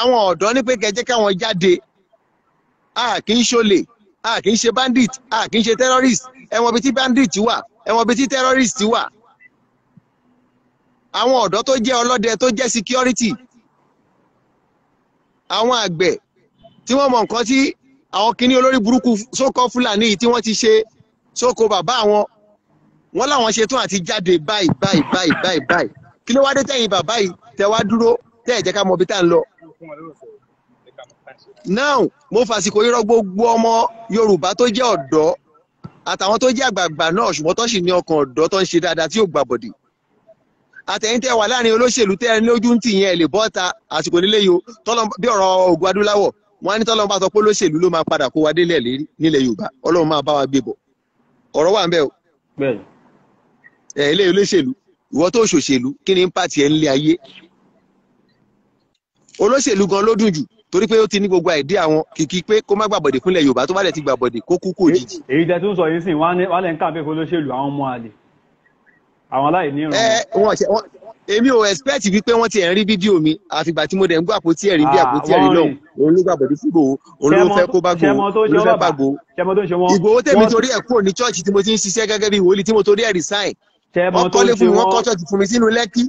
àwọn ọ̀dọ́ ní pé kẹjẹ́ káwọn jáde a kì í ṣolè a kì í ṣe bandit a kì í ṣe terrorist ẹ̀wọ̀n bíi tí bandit wà ẹ̀wọ̀n bíi tí terrorist wà àwọn ọ̀dọ́ tó jẹ́ ọlọ́dẹ tó jẹ́ security àwọn àgbẹ̀ tí wọ́n mọ nǹkan tí àwọn kinní olórí burúkú sókọ fúlàní yìí tí wọ́n ti ṣe sóko bàbá wọn wọ́n láwọn ṣetán àti jáde báyìí báyìí báyìí báyìí báyìí kí ló wá dé tẹ̀yìn bàbá yìí tẹ wá dúró tẹ́ ẹ̀ jẹ́ ká mọ ibi tá à ń lọ. now mo fàsìkò irọ́ gbogbo ọmọ yorùbá tó jẹ́ ọ̀dọ́ àtàwọn tó jẹ́ àgbààgbà náà ṣùgbọ́n tó sì ní ọkàn ọ̀dọ́ tó ń ṣe dáadáa tí yóò gbàbọ̀dì àtẹ̀yìn tẹ́ wà láàrin olóṣèlú tẹ́ ẹ lójú ń tì yẹn lè bọ́ta àsìkò nílé yo tọ́lọ́ bí ọ̀rọ̀ ògùn adúláwọ̀ wọ́n á ní tọ́lọ́mù bá sọ pé olóṣèlú ló máa padà kó wa délẹ̀ lérí nílẹ̀ yorùbá ọlọ́run máa bá wa gbé bọ̀ ọ̀rọ̀ wà ń bẹ̀ o. ẹ ilé olóṣèlú ìwọ tó ṣòṣèlú kí ni impact ẹ ń lé ayé olóṣèlú gan ló dùn jù torí pé ó ti ní gbogbo àìdí àwọn kìkì pé kó má gbàbọ̀dè fúnlẹ̀ yorùbá tó bá dẹ̀ ti gbàbọ̀dè kó kú kú òjijì. èyí tẹ́ tún sọ yìí sìn wọ́n á lẹ́ ń kàbẹ́ olóṣèlú àwọn ọmọ àlè àwọn aláìní ìrànwọ́. ẹ wọn èmi ò expect wípé wọ́n ti ẹ̀ ń rí fídíò mi àfìgbà tí mo dẹ̀ ń gbọ́ àpótí ẹ̀rí bí ah, àpótí ẹ̀rí náà òun ló gbàgbọ́ sí gbòó òun ló fẹ́ kó bá gbòó òun ló fẹ́ bá gbòó Ìgbòho tèmi torí ẹ̀ kúrò ní chọ́ọ̀chì tí mo ti ń ṣiṣẹ́ gẹ́gẹ́ bí wòlíì tí mo torí ẹ̀ resign wọ́n kọ́lé fún mi wọ́n kọ́ chọ́ọ̀chì fún mi sínú Lẹ́kí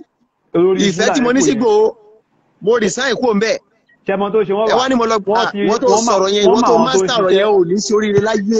ìfẹ́ tí mo ní sí gbòó mo